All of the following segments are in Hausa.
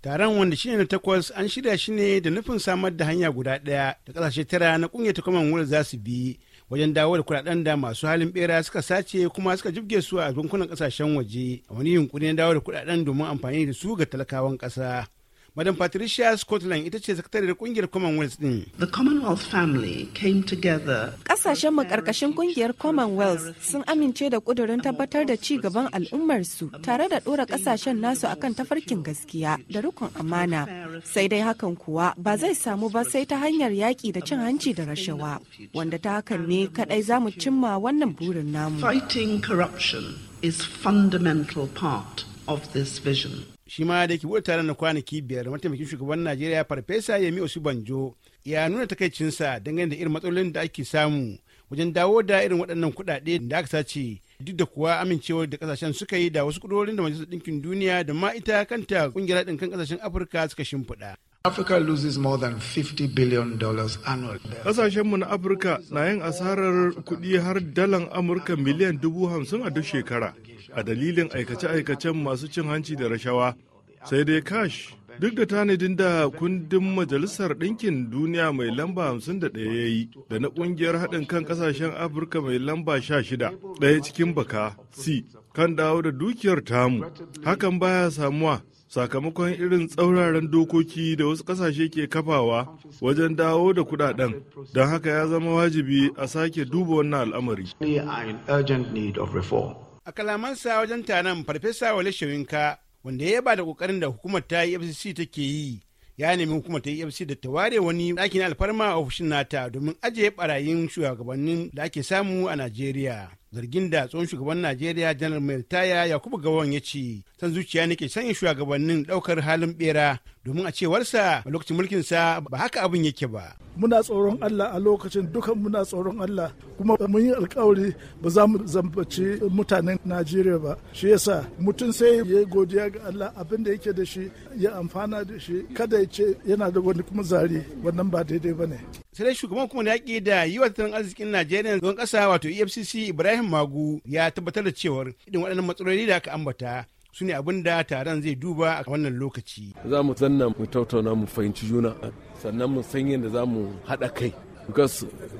Taron wanda shine na takwas an shirya shi ne da nufin samar da hanya guda ɗaya da ƙasashe tara na ƙungiyar ta wurin za su bi wajen dawo da kuɗaɗen da masu halin bera suka sace kuma suka jibge su a bankunan ƙasashen waje a wani yunkuri na dawo da kuɗaɗen domin amfani da su ga talakawan ƙasa. Madam Patricia Scotland ita ce sakatariyar kungiyar Commonwealth din. The Commonwealth family came together. Kasashen makarkashin kungiyar Commonwealth sun amince da kudurin tabbatar da ci gaban al'ummarsu tare da dora kasashen nasu akan tafarkin gaskiya da rukun amana. Sai dai hakan kuwa ba zai samu ba sai ta hanyar yaƙi da cin hanci da rashawa wanda ta hakan ne kadai za mu cimma wannan burin namu. Fighting corruption is fundamental part of this vision. shi ma da ke buɗe taron na kwanaki biyar mataimakin shugaban najeriya farfesa yemi Banjo. ya nuna takaicinsa dangane da irin matsalolin da ake samu wajen dawo da irin waɗannan kuɗaɗe da aka sace duk da kuwa amincewar da ƙasashen suka yi da wasu ƙudurorin da majalisar ɗinkin duniya da ma ita kanta ƙungiyar haɗin kan kasashen afirka suka shimfiɗa Africa loses dollars na Afirka na yin asarar kuɗi har dalan Amurka miliyan dubu hamsin a duk shekara a dalilin aikace-aikacen masu cin hanci da rashawa. Sai dai cash duk da tanadin da kundin Majalisar Ɗinkin Duniya mai lamba 51 ya yi da na ƙungiyar haɗin kan ƙasashen Afirka mai lamba 16 ɗaya cikin baka C kan dawo da dukiyar tamu. Hakan baya samuwa sakamakon irin tsauraran dokoki da wasu kasashe ke kafawa wajen dawo da kudaden don haka ya zama wajibi a sake duba wannan al'amari. A kalamansa wajen taron Farfesa Wale Shawinka wanda ya ba da kokarin da hukumar ta EFCC take yi ya nemi hukumar ta EFCC da ta ware wani ɗakin alfarma a ofishin nata domin ajiye barayin shugabannin da ake samu a Najeriya. zargin da tsohon shugaban najeriya janar mai ritaya yakubu gawon ya ce san zuciya nake sanya shugabannin ɗaukar halin bera domin a cewarsa a lokacin sa ba haka abin yake ba. Muna tsoron Allah a lokacin dukan muna tsoron Allah kuma mun yi alkawari ba za mu zambaci mutanen Najeriya ba. Shi yasa mutum sai ya godiya ga Allah abin da yake da shi ya amfana da shi kada ya ce yana da wani kuma zari wannan ba daidai ba ne. sai shugaban hukumar yaƙi da yi tattalin arzikin najeriya don ƙasa wato efcc ibrahim magu ya tabbatar da cewar irin waɗannan matsaloli da aka ambata su ne abin da taron zai duba a wannan lokaci. Za mu zanna mu tautauna mu fahimci juna sannan mu san yadda za mu haɗa kai. gas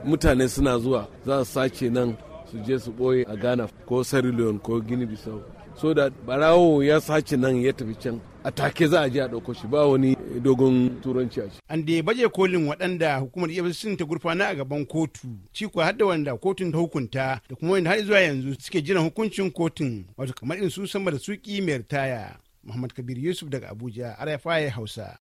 mutane suna zuwa za su sace nan su je su ɓoye a ghana ko sierra leone ko gini bissau so da barawo ya sace nan ya tafi can a take za a je a ɗauko shi ba wani dogon turanci a shi. An da baje kolin waɗanda hukumar iya sun ta gurfana a gaban kotu, ci kuwa hadda wanda kotun ta hukunta da kuma wanda har zuwa yanzu suke jiran hukuncin kotun wato kamar in su sama da suki mai ritaya. Muhammad Kabir Yusuf daga Abuja, ya Hausa.